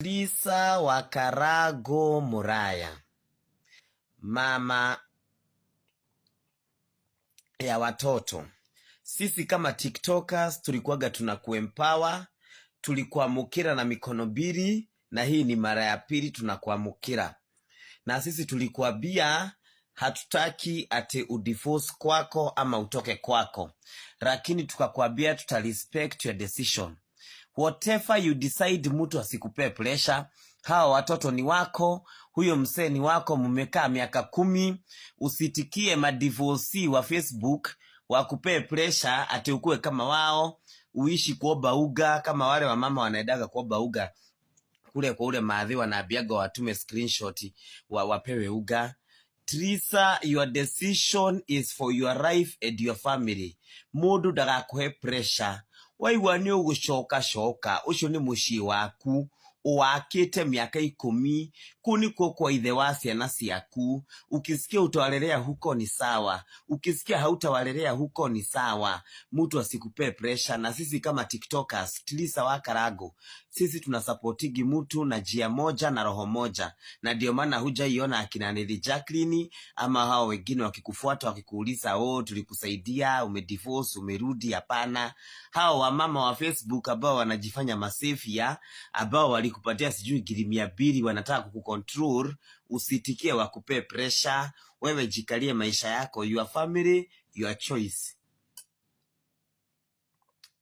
lisa wa Karago Muraya, mama ya watoto. Sisi kama tiktokers tulikuwaga tuna kuempower, tulikuamukira na mikono mbili, na hii ni mara ya pili tunakuamukira, na sisi tulikuambia hatutaki ati udivose kwako ama utoke kwako, lakini tukakwambia tutarespect your decision whatever you decide, mtu asikupee pressure. Hawa watoto ni wako, huyo msee ni wako, mmekaa miaka kumi. Usitikie madivosi wa Facebook wakupee pressure ati ukue kama wao, uishi kuoba uga kama wale wamama wanaedaga kuoba uga kule kwa ule maadhi wanaambiaga watume screenshot wa wapewe uga. Trisa, your decision is for your life and your family. Mundu ndagakuhe pressure waigua nä å gå coka coka å cio nä må ciä waku wakite miaka ikumi kunikuo kwa ithe wa ciana ciaku ukisikia utawalelea huko ni sawa ukisikia hautawalelea huko ni sawa mtu asikupee pressure na sisi kama tiktokers tilisa wa karago sisi tunasapotigi mtu na jia moja na roho moja na ndio maana hujaiona akina Nili Jacqueline ama hao wengine wakikufuata wakikuuliza oh tulikusaidia umedivorce umerudi hapana hao wamama wa Facebook ambao wanajifanya masefia ambao wali walikupatia sijui mia mbili, wanataka kukukontrol, usitikie, wakupee pressure. Wewe jikalie maisha yako, your family, your choice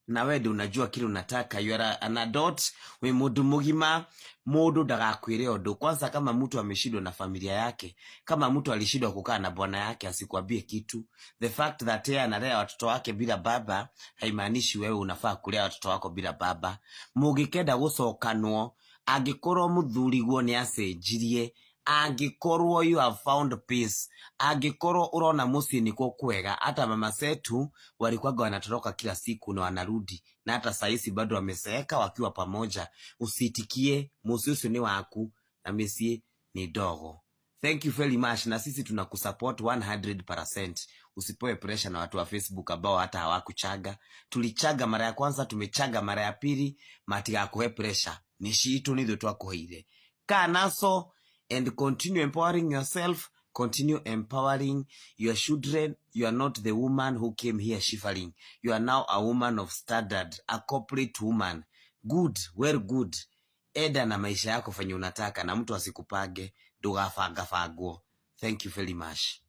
na we ndu unajua kile unataka you are an adult we mudu mugima mundu ndagakwire ndu kwanza kama mtu ameshindwa na familia yake kama mtu alishindwa kukaa na bwana yake asikwambie kitu the fact that yeye analea watoto wake bila baba haimaanishi wewe unafaa kulea watoto wako bila baba mugikenda gucokanwo angikorwo muthuriguo ni acenjirie angikorwo you have found peace angikorwo urona mucii nikuo kwega hata mama setu walikuwa wanatoroka kila siku na wanarudi na hata saisi bado wameseeka wakiwa pamoja usitikie musi ucio ni waku na misi ni dogo thank you very much na sisi tunakusupport 100% usipoe pressure na watu wa facebook ambao hata hawakuchaga tulichaga mara ya kwanza tumechaga mara ya pili matika matigakuhe pressure ni ciitå nä ithuä twakuheire kanaco and continue empowering yourself, continue empowering your children. You are not the woman who came here shivering. You are now a woman of standard, a corporate woman. Good, well good. Eda na maisha yako fanye unataka na mtu asikupange, ndugabangabangwo. Thank you very much.